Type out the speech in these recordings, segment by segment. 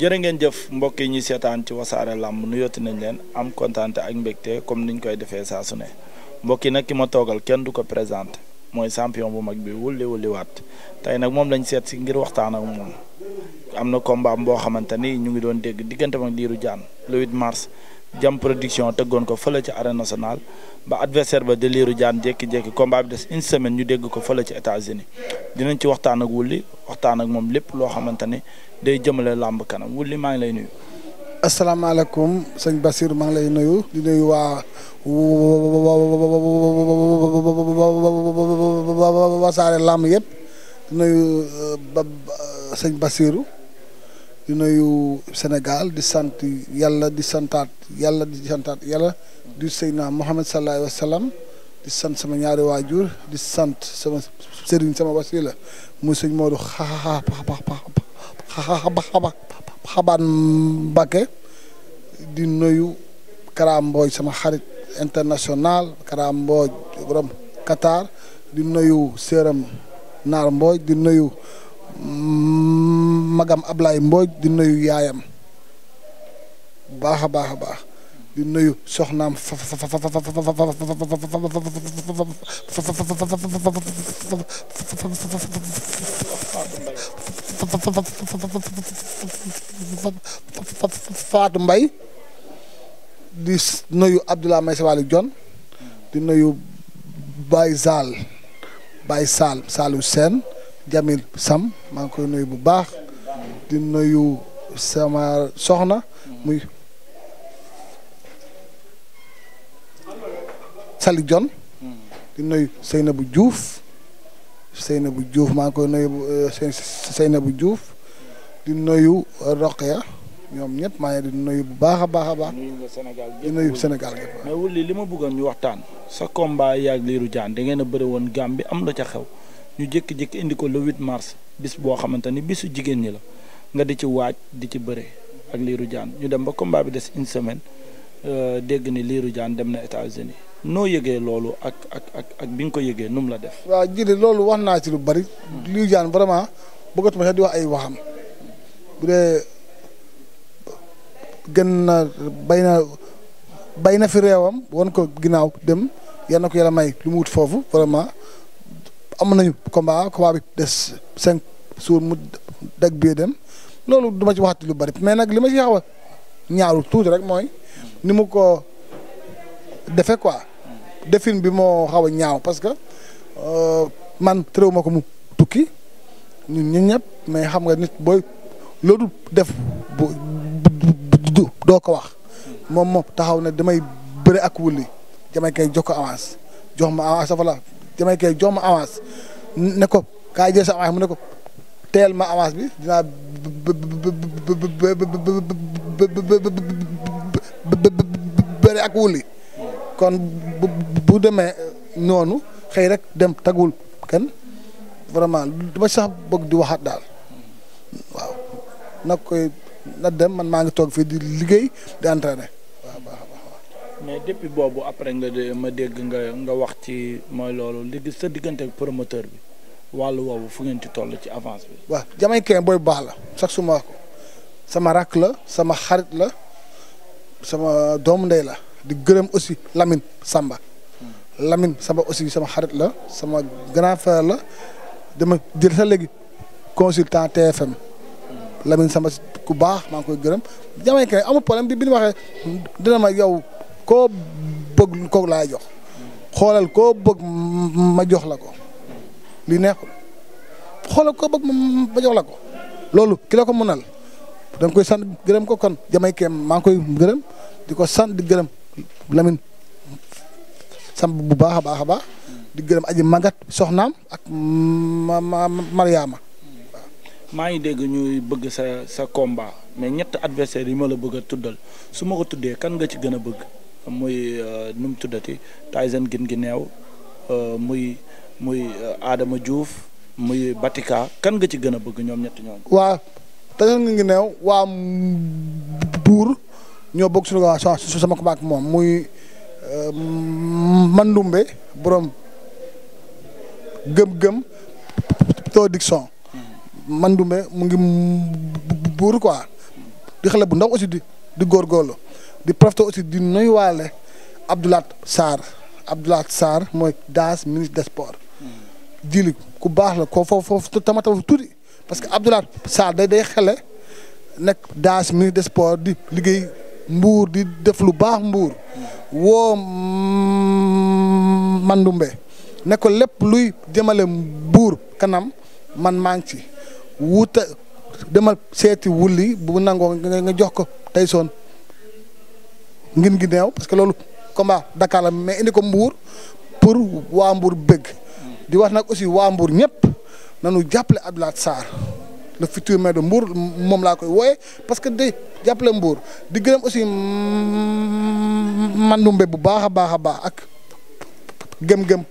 jërë ngeen jëf mbokk yi ñuy seetaan ci wasaare làmb nu yotti nañ leen am kontaan ak mbegte comme niñ koy defee saa su ne mbokk yi nag ki ma toogal kenn du ko présenté mooy sampion bu mag bi wulli wulli waat tey nag moom lañ seet si ngir waxtaan ak moom am na kombaam boo xamante ni ñu ngi doon dégg diggante mag diiru jaan le 8 mars jam production tëggoon ko fële ci arène national ba adversaire ba deliiru jaan jékki-jékki combat bi des une semaine ñu dégg ko fële ci États-Unis dinañ ci waxtaan ak wulli waxtaan ak moom lépp loo xamante ne day jëmale làmb kanam wulli maa ngi lay nuyu. asalaamaaleykum sëñ Basir maa ngi lay nuyu di nuyu waa wasaare làmb yëpp nuyu euh, sëñ Basiru di nuyu Sénégal di sant yàlla di santaat yàlla di santaat yàlla di Seydina Muhammad sallallahu alayhi wa sallam di sant sama ñaari waajur di sant sama sëriñ sama wasila muy sëñ Modou xabaan Mbacké di nuyu Kara Mbodj sama xarit international Kara Mbodj borom Qatar di nuyu séeram Naar Mbodj di nuyu magam Ablaye Mbooj di nuyu yaayam bu baax a baax a baax di nuyu soxnaam Faatu Mbay di nuyu Abdoulaye May Sawali Jon di nuyu Baye Sall Baye Sall Saalu Seen Jamil Sam maa ngi koy nuyu bu baax di nuyu sama soxna muy Salik Jon di nuyu Seynabou na bu juuf maa ngi koy nuyu eh, Seynabou Diouf di nuyu ñoom ñett maa ngi di nuyu bu baax a baax a baax. nuyu Sénégal di nuyu Sénégal ñëpp. wulli li ma bëggoon ñu waxtaan. sa combat yaag Lirou Diane da ngeen a bëri woon bi am la ca xew. ñu jékki-jékki indi ko le 8 mars bis boo xamante ni bisu jigéen ñi la nga di ci waaj di ci bëre ak liiru Diane ñu dem ba combat bi des une semaine euh, dégg ni liiru Diane dem na États-Unis noo yëgee loolu ak ak ak ak bi nga ko yëgee nu la def. waaw jërëjëf loolu wax naa si lu bari. Lirou jaan vraiment bëggatuma sax di wax ay waxam bu dee gën na bay na na fi réewam won ko ginnaaw dem yal na ko yàlla may lu mu wut foofu vraiment. am nañu combat combat bi des cinq jours mu dagg bee dem loolu duma ci waxati lu bari mais nag li ma ci xaw ñaaw ñaaru rek mooy ni mu ko defee quoi defin bi moo xaw a ñaaw parce que euh, man tréw ma ko mu tukki ñun ñëp ñëpp mais xam nga nit booy loolu def bu doo ko wax moom moom taxaw ne damay bëre ak wulli damay kay jox ko avance jox ma avance voilà Jamaïcain jox ma avance ne ko kaa jël sa avance mu ne ko teel ma avance bi dinaa bëri ak wuli kon bu demee noonu xëy rek dem tagul kenn vraiment dama sax bëgg di waxaat daal waaw na koy na dem man maa ngi toog fii di liggéey di entraîner. mais depuis boobu après nga ma dégg nga nga wax ci mooy loolu léegi sa diggante ak promoteur bi wàllu woowu fu ngeen ci toll ci avance bi. waa waaw Jamaïcain booy baax la sax suma ko sama rakk la sama xarit la sama doomu ndey la di gërëm aussi Lamine Samba. Hmm. Lamine Samba aussi sama xarit la sama grand la dama jël sa léegi consultant TFM. Hmm. Lamine Samba ku baax maa ngi koy gërëm Jamaïcain amul problème bi bi ñu waxee dina ma yow. koo bëgg ko laa jox xoolal koo bëgg ma jox la ko li neexul xoolal ko bëgg ma jox la ko loolu ki la ko mënal da nga koy sant gërëm ko kon jamay keem maa ngi koy gërëm di ko sant gërëm Lamine sam bu baax a baax a baax di gërëm aji magat soxnaam ak ma ma maa ngi dégg ñuy bëgg sa sa combat mais ñett adversaire yi ma la bëgg a tuddal su ma ko tuddee kan nga ci gën a bëgg. muy euh, nu mu tuddati Tyson gin gi neew muy muy aadama euh, Diouf muy Batika kan nga ci gën a bëgg ñoom ñetti ñoom. waa Tyson gin gi neew waa Mbour ñoo bokk suñu waa sama ko ak moom muy euh, Mandumbe borom gëm-gëm production. Mandumbe mu ngi Mbour quoi di xale bu ndax aussi di di góorgóorlu. di profité aussi di nuyuwaale Abdoulaat Sarr Abdoulaat Sarr mooy daas ministre de sports. jili ku baax la ko foofu foofu tama parce que Abdoulaat Sarr day day xele nekk daas ministre des di liggéey mbuur di def lu baax mbuur woo mm, Mandumbe ne ko lépp luy jëmale mbuur kanam man maa ngi ci wuta demal seeti wulli bu nangoo nga jox ko tey soon ngin gi neew parce que loolu combat Dakar la mais indi ko Mbour pour waa Mbour bëgg. di wax nag aussi waa mbuur ñëpp nañu jàppale Abdoulaye laa le futur maire de Mbour moom laa koy wooye parce que de jàppale Mbour di gërëm aussi mandumbe bu baax a baax a baax ak gëm-gëm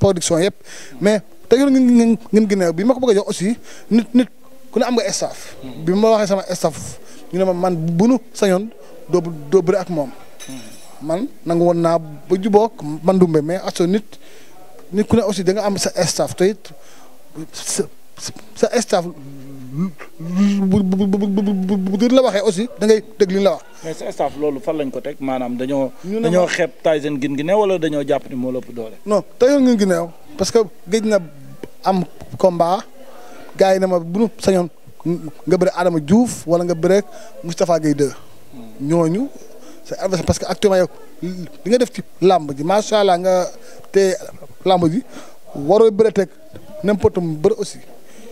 production yëpp mais te yor ngeen ngeen ginnaaw bi ma ko bëgg a jox aussi nit nit ku ne am nga staff. bi ma waxee sama staff. ñu ne ma man bu nu sañoon doo doo ak moom. man nangu woon naa ba jubóog man dumbe mais aso nit nit ku ne aussi da nga am sa staff te it sa sa staff bu bu bu la waxee aussi da ngay dégg li ñu la wax. mais loolu fan lañ ko teg maanaam dañoo. dañoo xeeb Tyson gin gi neew wala dañoo jàpp ni moo la doole. non Tyson gin gi neew parce que géej na am combat gars yi ne ma bu nu sañoon. nga bëre Adama Diouf wala nga bëre Moustapha Guèye 2 ñooñu parce que actuellement yow li nga def ci làmb ji macha allah nga te làmb ji waroo bëre teg n'importe mu bëre aussi.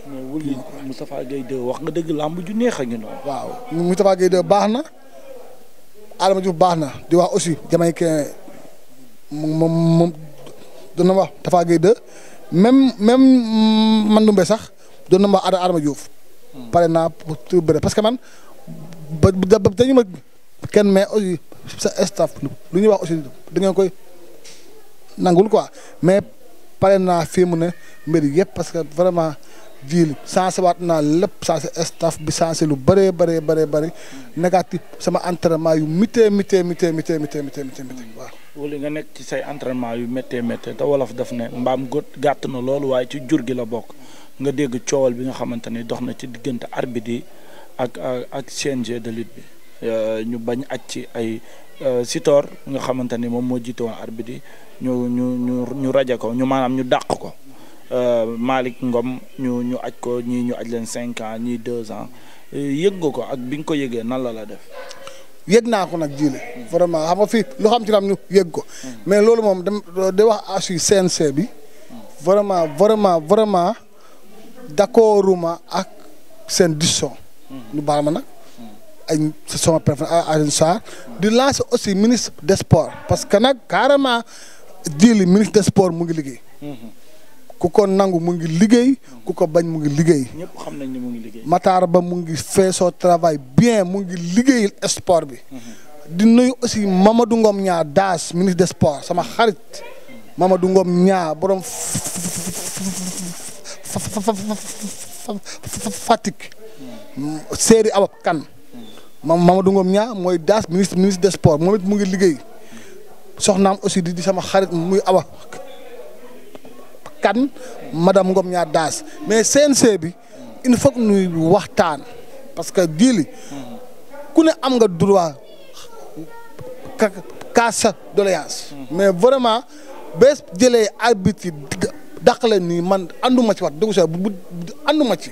mais wul Moustapha wax nga dëgg làmb ju neex a ngi noonu. waaw Moustapha Guèye baax na Adama Diouf baax na di wax aussi jamay kenn moom moom doon na wax Moustapha Guèye 2 même même man dumbe sax doon na wax Adama Diouf. pare naa pour pour bëre parce que man ba dañu ma kenn mais aussi sa staff lu ñuy wax aussi da ngeen koy nangul quoi mais pare naa fii mu ne mbir yëpp parce que vraiment jiil sensé waat naa lépp sensé staff bi sensé lu bëree bëree bëree bëri négatif sama entraînement yu mitee mitee mitee mitee mitee mitee mitee mitee waaw. wala nga nekk ci say entraînement yu méttee méttee te wolof def ne mbaam gàtt na loolu waaye ci jur gi la bokk. nga dégg coowal bi nga xamante ni dox na ci diggante arbitre yi ak ak CNG de lutte bi euh, ñu bañ aj ci ay euh, Sitor nga xamante ni moom moo jiite woon arbitre yi ñu ñu ñu ñu raja ko ñu maanaam ñu dàq ko euh, Malick Ngom ñu ñu aj ko ñii ñu aj leen cinq ans ñii deux ans yëg ko ak bi nga ko yëgee nan la la def. yëg naa ko nag jiile vraiment xam nga fii lu xam ci lam ñu yëg ko hmm. mais loolu moom da wax assu CNG bi hmm. vraiment vraiment. d'accorduma ak seen décision. ñu baal ma nag. ay sama préférence ah, Alioune Sarr di lancer aussi ministre de sports parce que nag carrément jili ministre des sports mu ngi liggéey. ku ko nangu mu ngi liggéey. ku ko bañ mu ngi liggéey. ñëpp xam nañ ne mu ngi liggéey. Matar ba mu ngi fee soo travail bien mu ngi liggéey sport bi. di nuyu aussi Mamadou ñaar ñaa daas ministre des sports sama xarit. Mamadou Ngom ñaa Fatick Seri Abab Kane mam Mamadou Ngom ñaa mooy daas ministre ministre des sports moom it mu ngi liggéey soxnaam aussi di di sama xarit muy Abab Kane madame Ngom ñaa daas mais CNC bi il faut que waxtaan parce que diili ku ne am nga droit kaas sa mais vraiment bés jëlee arbitre dàq la nii man ànduma ci wax dëgg saa bu ànduma ci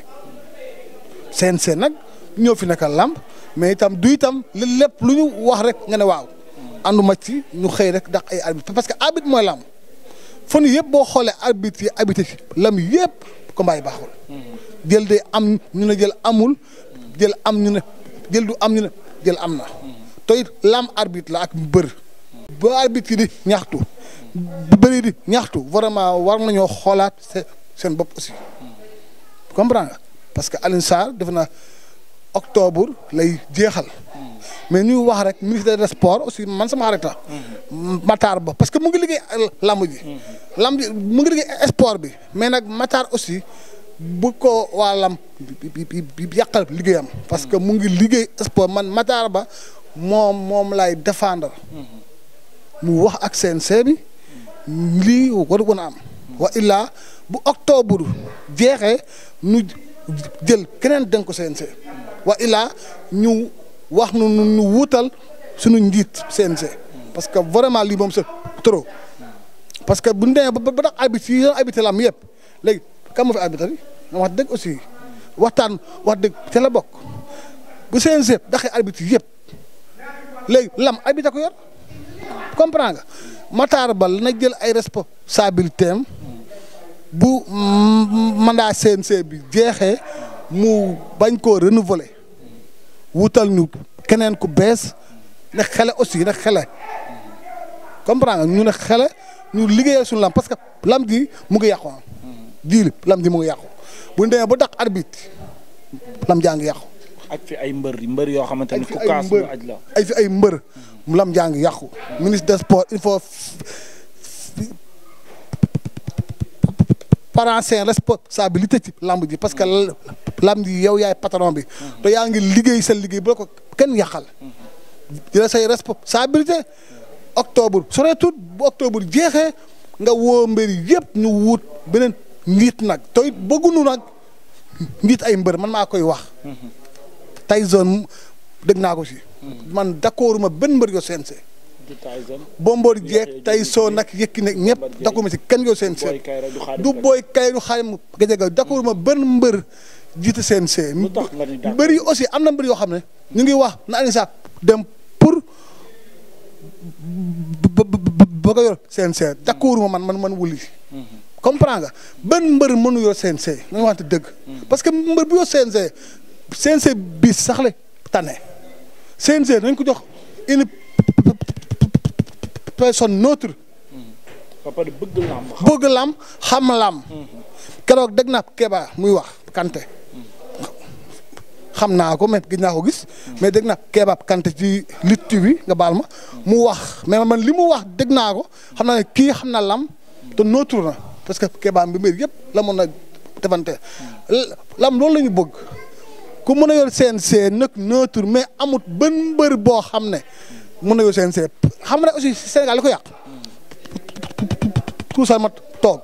CNC nag ñoo fi nekkal làmb mais itam du itam li lépp lu ñu wax rek nga ne waaw ànduma ci ñu xëy rek dàq ay arbitre parce que arbitre mooy làmb fan yëpp boo xoolee arbitre yi arbitre ci lam yëpp combat yi baaxul jël de am ñu ne jël amul jël am ñu ne jël du am ñu ne jël am na te it lam arbitre la ak mbër ba arbitre yi di ñaxtu di bëri di ñaxtu vraiment war nañoo xoolaat seen bopp aussi comprends nga parce que Alioune Sarr def na octobre lay jeexal mais ñuy wax rek ministre des sports aussi man sama xarit la Ba parce que mu ngi liggéey lamb ji lamb ji mu sport bi mais nag Matar aussi bu ko waa lamb yàqal liggéeyam parce que mu ngi liggéey sport man Matar Ba moom moom lay défendre mu wax ak CNG bi lii waru woon am. wa illaa bu octobre jeexee nu jël keneen dénk ko CNG. wa illaa ñu wax nu nu wuutal suñu njiit CNG. parce que vraiment lii moom c'est trop. parce que bu ñu ba ba tax arbitre yi doon arbitre lam yëpp léegi kam ma fi arbitre yi wax dëgg aussi waxtaan wax dëgg te bokk bu CNG daxee arbitre yëpp léegi lam arbitre ko yor comprends nga. Matar Ba na jël ay responsabilité am bu mandat seen bi jeexee mu bañ koo renouveler wutal ñu keneen ku bees ne xele aussi na xele comprendre nga ñu ne xele ñu liggéeyal suñu lam parce que lam ji mu ngi yàqu am ah. diili lam ji mu ngi yàqu bu ñu bu ba dàq arbitre lam jaa ngi yàqu aj fi ay mbër mbër yoo xamante ni ku kaas fi ay mbër mu lam jàng yàqu ministre de sports il faut parents seen responsabilité ci lamb ji parce que lamb ji yow yaay patron bi te yaa ngi liggéey sa liggéey bu la ko kenn yàqal jëla say responsabilité octobre surtout bu octobre jeexee nga woo mbër yëpp ñu wut beneen njiit nag te it bëggunu nag njiit ay mbër man maa koy wax Tyson dégg naa ko si. Hmm. man d' accord ma benn mbër yoo CNG. di Tyson Bombardier jeeg Tyson nag Yékini nag ñëpp d' accord si kenn yoo CNG. du booy kay du xaarim gajaga d' accord ma benn mbër jiite seen lu tax nga ni aussi am na mbër yoo xam ne. ñu ngi wax na Alioune Sarr dem pour ba ko yor CNG hmm. d' accord ma man man man wuli. Hmm. comprends nga benn mbër mënu yor CNG nañu waxante dëgg. parce mbër bu yor CNG CNG bis sax la tane CNG nañ ko jox une personne neutre. ba pare bëgg lam xam lam. Mm-hmm. keroog dégg naa ko Kéba muy wax kante xam naa ko mais gis naa ko gis. Mm-hmm. mais dégg naa ko Kéba Kanté ci lutte bi nga baal ma. Mm-hmm. mu wax mais man li mu wax dégg naa ko xam naa ne kii xam na lam. te neutre na parce que kebaa bi mbir yëpp la mën a defante. lam loolu la bëgg. ku mën a yor CNC nag neutre mais amut ban mbër boo xam ne mun a yor CNC xam na aussi Sénégal li ko yàq tout toog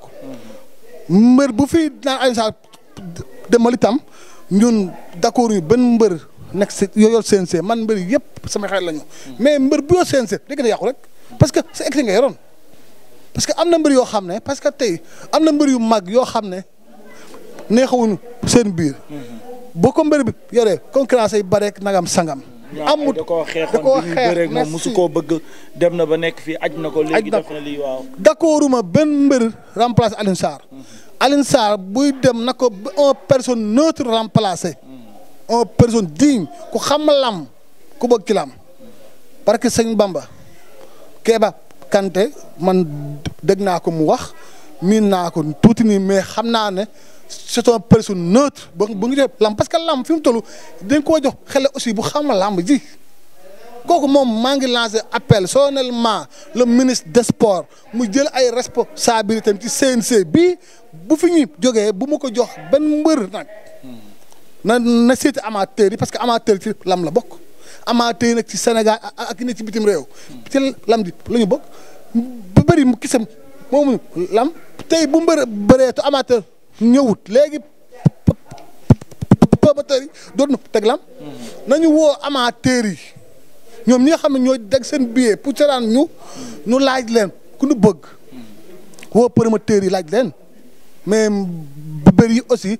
mbër bu fi naan Alioune Sarr demal itam ñun d'accord yu ban mbër nekk si yor CNC man mbër yëpp sama xel lañu mais mbër bu yor CNC day gën a yàqu rek parce que sa egsi nga yoroon parce que am na mbër yoo xam ne parce que tey am na mbër yu mag yoo xam ne neexawuñu seen biir boo ko mbër bi yoree concurrence yi bareek nagam sangam. amut da koo xeexoon bi muy bëreeg moom mosu bëgg dem na ba nekk fii aj na ko. léegi na ko waaw. d'accord ma benn mbër remplacer mm-hmm. Alioune Sarr. buy dem na ko un personne neutre remplacer. Mm-hmm. un personne digne ku xam lam ku bëgg ci lam parce que sëñ Bamba. Kéba Kanté man dégg naa ko mu wax miin naa ko tuuti nii mais xam naa ne. c'est une personne neutre ba ba ngi def lamb parce que lamb fi mu toll dañ koo jox xale aussi bu xam lamb ji kooku moom maa ngi lancé appel solennellement la ministre des sports mu jël ay responsabilités ci CNC bi bu fi ñu jogee bu ma ko jox benn mbër nag na na seeti amateurs yi parce que amateurs ci lam la bokk amateurs yi nag ci Sénégal ak yi ci bitim réew ci lam ji la bokk ba bëri mu kisam moomu lam tey bu mbër bëree te ñëwut léegi promoteur yi doon na teg lam nañu woo amateur yi ñoom ñi nga xam ne ñooy deg seen billet pour seetaan ñu ñu laaj leen ku ñu bëgg woo promoteur yi laaj leen mais bëri yi aussi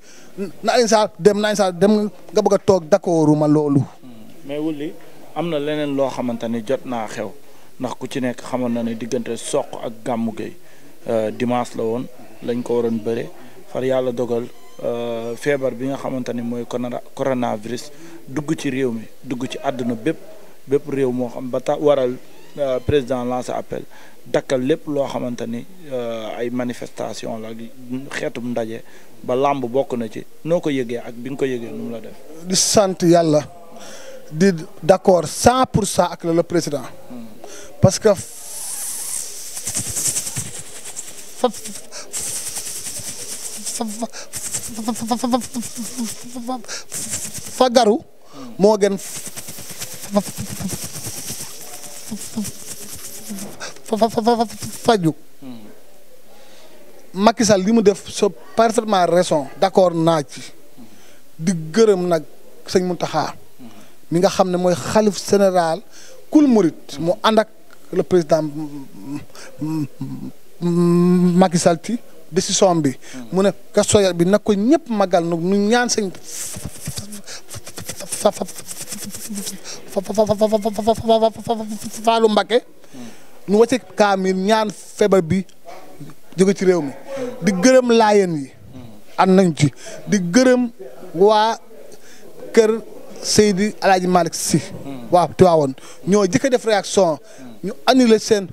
na Alioune Sarr dem na Alioune Sarr dem nga bëgg a toog d'accordu ma loolu. mais wulli am na leneen loo xamante ni jot naa xew ndax ku ci nekk xamoon na ne diggante soq ak gàmmu gay euh, dimanche la woon lañ ko waroon bëre. far yàlla dogal euh, feebar bi nga xamante ni mooy corona coronavirus dugg ci réew mi dugg ci àdduna bépp bépp réew moo xam ba tax waral euh, président lancé appel dakkal lépp loo xamante ni euh, ay manifestation la xeetum ndaje ba làmb bokk na ci noo ko yëgee ak bi nga ko yëgee nu mu la def. di sant yàlla di d'accord cent pour cent ak la le président. Hmm. parce que. fagaru moo gën faju Macky Sall li mu def so parfaitement raison d'accord naa ci di gërëm nag sëñ Mountakha mi nga xam ne mooy xalif général kul murit mu ànd ak le président Macky Sall ci décision bi. mu ne Kazu bi nag ko ñëpp magal nu ñaan sëñ Faalu Mbàkke nu wacce kaamil ñaan feebar bi jóge ci réew mi di gërëm laayeen yi ànd nañ ci di gërëm waa kër Seydi Alaaji Malick Si waa Tiwaawoon ñoo jëkk def réaction ñu annulé seen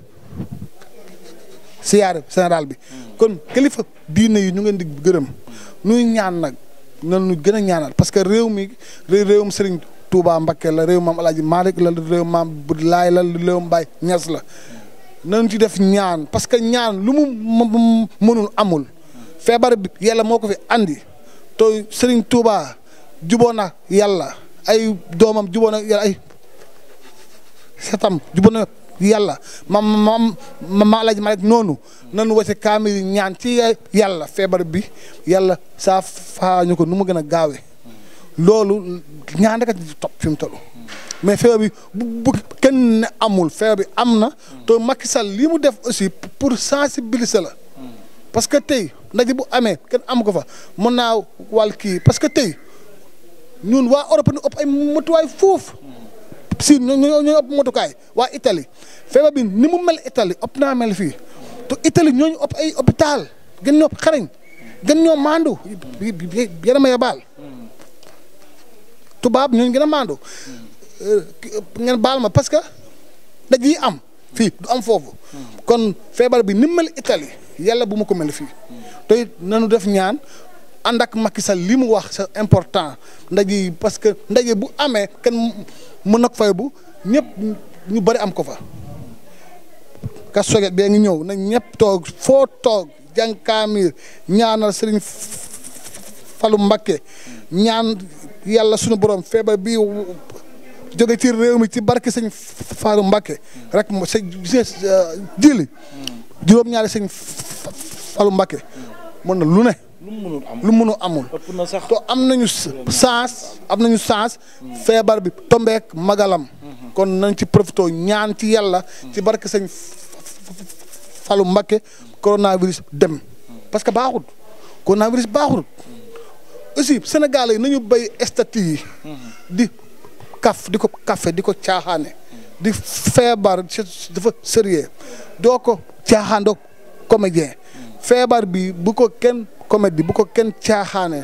siyaare sénéral bi mm. kon kilifa diine yi ñu ngeen di gërëm nuy mm. ñaan nag nan nu gën a ñaanal parce que réew mi réewum Serigne Touba Mbakke la réew maam El Hadj la réew maam Laay la réew Mbaye Ñas la mm. nañ ci def ñaan parce que ñaan lu mu mënul amul feebar bi yàlla moo ko fi andi to Serigne Touba juboo na yàlla ay doomam juboo na yàlla ay setam juboo yàlla ma mam ma laaj ma rek noonu nanu wase kaamil ñaan ci yàlla feebar bi yàlla saa faa ñu ko nu mu gën a gaawe loolu ñaan rek a topp fi mu toll mais feebar bi bu kenn ne amul feebar bi am na te Macky Sall li mu def aussi pour sensibiliser la parce que tey ndaje bu amee kenn am ko fa mën naa wàll kii parce que tey ñun waa Europe ni ëpp ay matuwaay foofu si ñoo ñoo ëpp motukaay waa Italie feebar bi ni mu mel Italie ëpp naa mel fii te ñoo ñooñu ëpp ay hôpital gën ñoo xarañ ñoo maandu yarama ya baal tubaab ñooñu gën a maandu euh, ngeen ma parce que daj yi am fii du am foofu kon feebar bi ni mu mel Italie yàlla bu ma ko mel fii te nanu def ñaan ànd ak Macky Sall mu wax c'est important ndaje yi parce que ndaje bu amee kenn mën nag fay bu ñëpp ñu bëri am ko fa kas soget bee ngi ñëw na ñëpp toog foo toog jàng kaamir ñaanal sëriñ Falu Mbakke ñaan yàlla suñu borom feebar bi jóge ci réew mi ci barke sëñ Falu Mbakke rek moo sa jili juróom-ñaari sëñ Falu Mbakke mën na lu ne lu mënul amul te am nañu chance am nañu chance hmm. feebar bi tombeek magalam hmm. kon nañ ci profité ñaan ci yàlla ci hmm. barke sëñ Fallou Mbacké coronavirus dem parce que baaxut coronavirus baaxut aussi Sénégalais yi nañu béy statut yi di kaf di ko café di ko caaxaane di feebar dafa sérieux doo ko caaxaan doo comédien feebar bi bu ko kenn comédie bu ko kenn caaxaane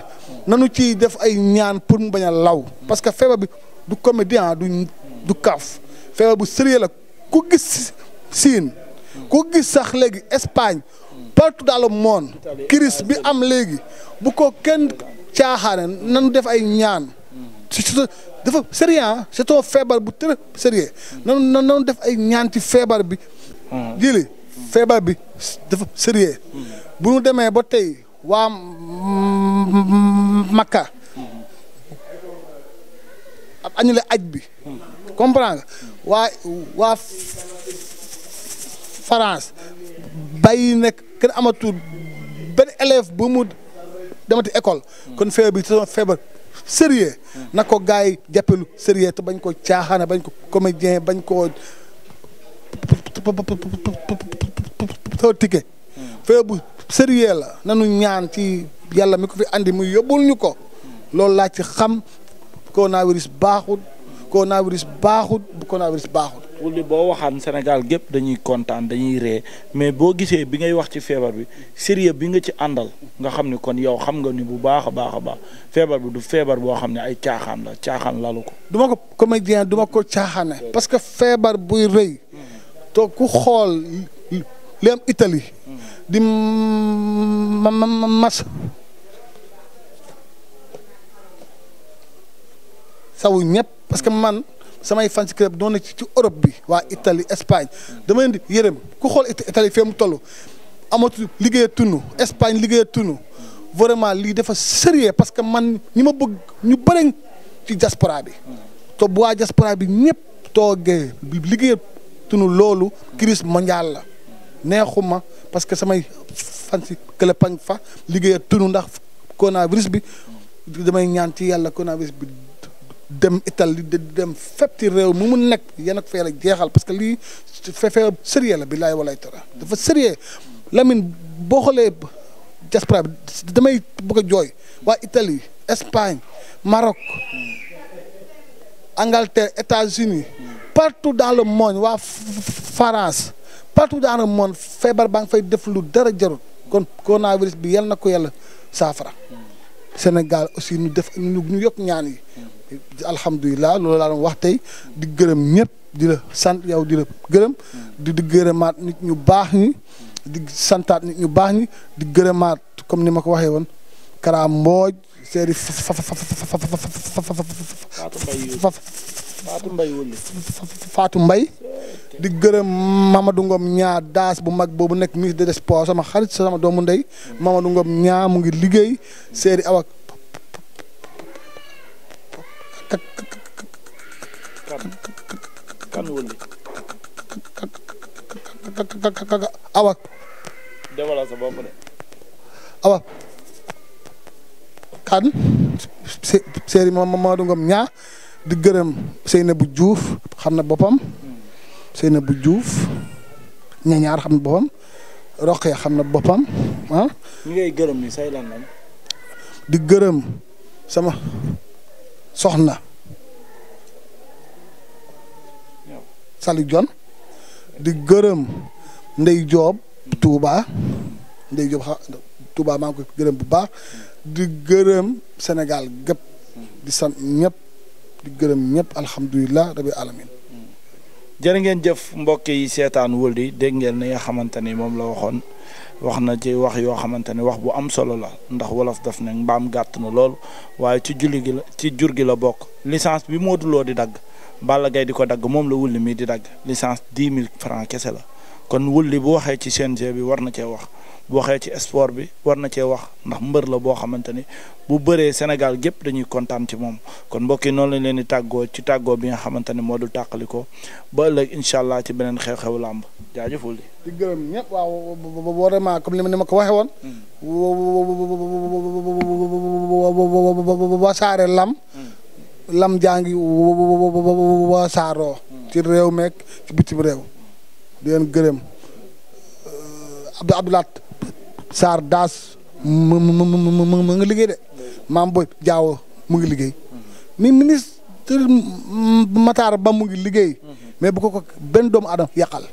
nanu ci def ay ñaan pour mu bañ law parce que feebar bi du comédie ah, du du kaaf feebar bu sérieux la ku gis siin ku gis sax léegi Espagne partout dans le monde crise bi am léegi bu ko kenn caaxaane nanu def ay ñaan dafa sérieux ah, c'est feebar bu très sérieux nanu def ay ñaan ci feebar bi jili hmm. feebar bi dafa sérieux hmm. bu ñu demee ba tey waa Makka ab annulé aj bi comprendre waa waa France bàyyi nag kenn amatul benn élève bu mu demati école kon feebar bi saison feebar sérieux na ko gars yi jàppelu sérieux te bañ ko caaxaane bañ ko comédien bañ ko tike feebar sérieux la nanu ñaan ci yàlla mi ko fi andi mu yóbbul ñu ko loolu laa ci xam coronavirus baaxut coronavirus baaxut coronavirus baaxut. wulli boo waxaan Sénégal gépp dañuy kontaan dañuy ree mais boo gisee bi ngay wax ci feebar bi sérieux bi nga ci àndal nga xam ni kon yow xam nga ni bu baax a baax a baax feebar bi du feebar boo xam ne ay caaxaan la caaxaan lalu ko. du ko comédien du ko caaxaane. parce que feebar buy rëy. te ku xool li am Italie. di ma ma ma mas. sawu ñëpp parce que man samay fan club doon na ci ci Europe bi waa itali Espagne dama leen di yërëm ku xool Italie fee mu toll amatu liggéeya tunu Espagne liggéeya tunu vraiment lii dafa sérieux parce que man ñi ma bëgg ñu bëri ci diaspora bi te bu waa diaspora bi ñëpp toogee liggéeya tunu loolu crise mondiale la neexuma parce que samay fan si fa liggéeya tunu ndax coronavirus bi damay ñaan ci yàlla coronavirus bi dem Italie dem fépp ci réew mi mu nekk yan ak fee la jeexal parce que lii fefee sérieux la bi billaay walaay tara dafa sérieux Lamine boo xoolee diaspora bi damay bëgg a jooy waa Italie Espagne Maroc Angleterre États-Unis partout dans le monde waa France partout dans le monde feebar baa ngi fay def lu dara jarut kon coronavirus bi yal na ko yàlla saafara Sénégal aussi nu def ñu yokk ñaan yi alhamdulilah loolu laa doon wax tey di gërëm ñëpp di la sant yow di la gërëm di di gërëmaat nit ñu baax ñi di santaat nit ñu baax ñi di gërëmaat comme ni ma ko waxee woon Kara Mbodj seeri mbay Mbaye Fatou Mbaye di gërëm Mamadou Ngom ñaa daas bu mag boobu nekk ministre des sports sama xarit sama doomu ndey Mamadou ñaa mu ngi liggéey Seri Awa awa awa kan gërëm Seynabou Diouf xam na boppam Seynabou Diouf ñañaar xam na boppam Roqee xam na boppam ah. ñi ni say lan di gërëm sama soxna. Sali Jon di gërëm Ndey Joob Touba Ndey Joob Touba maa koy gërëm bu baax di gërëm Sénégal gépp di sant ñëpp di gërëm ñëpp alhamdulilah rabbi alamin jër ngeen jëf mbokk yi seetaan Wëlli dégg ngeen li nga xamante ni moom la waxoon wax na ci wax yoo xamante ne wax bu am solo la ndax wolof daf ne mbaam gàtt na lool waaye ci julli gi la ci jur gi la bokk licence bi Modou Lo di dagg Balla Gaye di ko dagg moom la Wëlli mii di dagg licence dix mille francs kese la kon Wëlli bu waxee ci CNG bi war na cee wax. boo waxee ci sport bi war na cee wax ndax mbër la boo xamante ni bu bëree Sénégal gépp dañuy kontaan ci moom kon mbokk yi noonu lañ leen di tàggoo ci tàggoo bi nga xamante ni moo du tàqaliko ba ëllëg incha allah ci beneen xew-xew làmb jaajëf Wouly. di gërëm ñëpp waaw vraiment comme ni ma ko waxee woon. Hmm. wasaare lam. Hmm. lam jàngi wasaaroo. Hmm. ci réew meek ci bitim réew. di leen gërëm euh, Abdou Abdou Lat Sarr Daas mu mu mu mu nga liggéey de maam Boy Diawo mu ngi liggéey mi ministre Matar Ba mu ngi liggéey mm-hmm. mais bu ko ko benn doomu aadama yàqal